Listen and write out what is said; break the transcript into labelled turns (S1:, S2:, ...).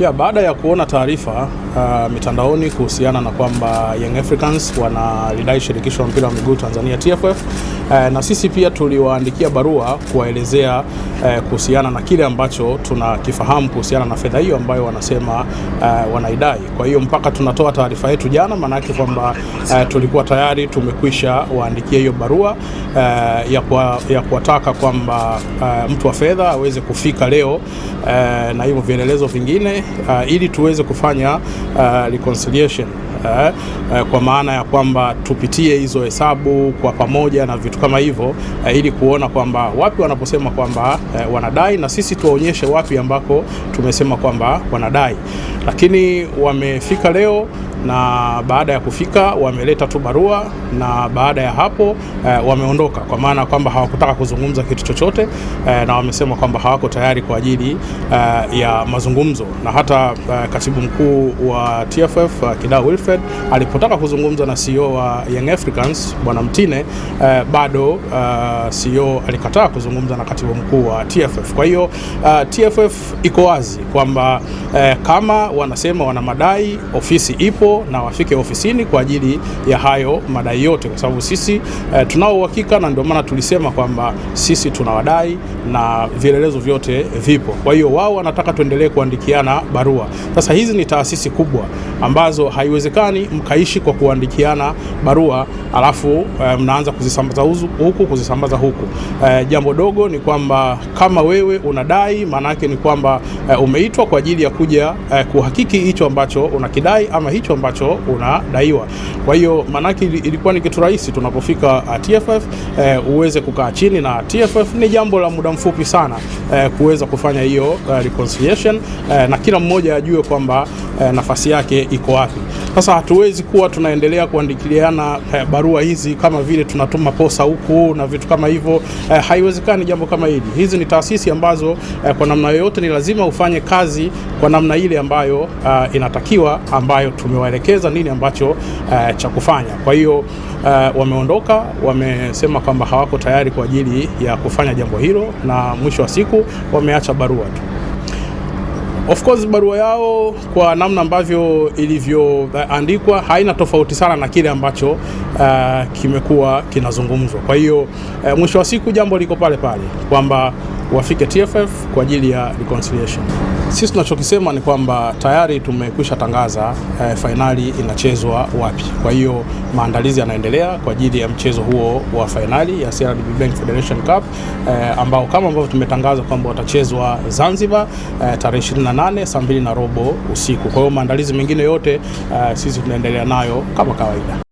S1: Ya baada ya kuona taarifa uh, mitandaoni kuhusiana na kwamba Young Africans lidai shirikisho la mpira wa miguu Tanzania TFF uh, eh, na sisi pia tuliwaandikia barua kuwaelezea uh, kuhusiana na kile ambacho tunakifahamu kuhusiana na fedha hiyo ambayo wanasema uh, wanaidai. Kwa hiyo mpaka tunatoa taarifa yetu jana, maana yake kwamba uh, tulikuwa tayari tumekwisha waandikia hiyo barua uh, ya kuwataka kwamba uh, mtu wa fedha aweze kufika leo uh, na hivyo vielelezo vingine uh, ili tuweze kufanya uh, reconciliation uh, uh, kwa maana ya kwamba tupitie hizo hesabu kwa pamoja na vitu kama hivyo uh, ili kuona kwamba wapi wanaposema kwamba uh, wanadai na sisi tuwaonyeshe wapi ambako tumesema kwamba wanadai, lakini wamefika leo na baada ya kufika wameleta tu barua, na baada ya hapo eh, wameondoka, kwa maana kwamba hawakutaka kuzungumza kitu chochote eh, na wamesema kwamba hawako tayari kwa ajili eh, ya mazungumzo. Na hata eh, katibu mkuu wa TFF eh, Kidau Wilfred alipotaka kuzungumza na CEO wa Young Africans bwana Mtine eh, bado eh, CEO alikataa kuzungumza na katibu mkuu wa TFF. Kwa hiyo eh, TFF iko wazi kwamba eh, kama wanasema wana madai, ofisi ipo na wafike ofisini kwa ajili ya hayo madai yote, kwa sababu sisi eh, tunao uhakika, na ndio maana tulisema kwamba sisi tunawadai na vielelezo vyote vipo. Kwa hiyo wao wanataka tuendelee kuandikiana barua. Sasa hizi ni taasisi kubwa ambazo haiwezekani mkaishi kwa kuandikiana barua alafu eh, mnaanza kuzisambaza huku kuzisambaza huku. Eh, jambo dogo ni kwamba kama wewe unadai, maana yake ni kwamba eh, umeitwa kwa ajili ya kuja eh, kuhakiki hicho ambacho unakidai ama hicho ambacho ambacho unadaiwa. Kwa hiyo maanake ilikuwa ni kitu rahisi tunapofika uh, TFF e, uh, uweze kukaa chini na TFF. Ni jambo la muda mfupi sana e, kuweza kufanya hiyo e, reconciliation e, na kila mmoja ajue kwamba eh, nafasi yake iko wapi. Sasa hatuwezi kuwa tunaendelea kuandikiliana eh, barua hizi kama vile tunatuma posa huku na vitu kama hivyo eh, haiwezekani jambo kama hili. Hizi ni taasisi ambazo eh, kwa namna yoyote ni lazima ufanye kazi kwa namna ile ambayo eh, inatakiwa ambayo tumewaelekeza nini ambacho eh, cha kufanya. Kwa hiyo eh, wameondoka, wamesema kwamba hawako tayari kwa ajili ya kufanya jambo hilo, na mwisho wa siku wameacha barua tu. Of course barua yao kwa namna ambavyo ilivyoandikwa haina tofauti sana na kile ambacho uh, kimekuwa kinazungumzwa. Kwa hiyo uh, mwisho wa siku jambo liko pale pale kwamba wafike TFF kwa ajili ya reconciliation. Sisi tunachokisema ni kwamba tayari tumekwisha tangaza eh, fainali inachezwa wapi. Kwa hiyo maandalizi yanaendelea kwa ajili ya mchezo huo wa fainali ya CRDB Bank Federation Cup eh, ambao kama ambavyo tumetangaza kwamba watachezwa Zanzibar eh, tarehe 28 saa na robo usiku. Kwa hiyo maandalizi mengine yote eh, sisi tunaendelea nayo kama kawaida.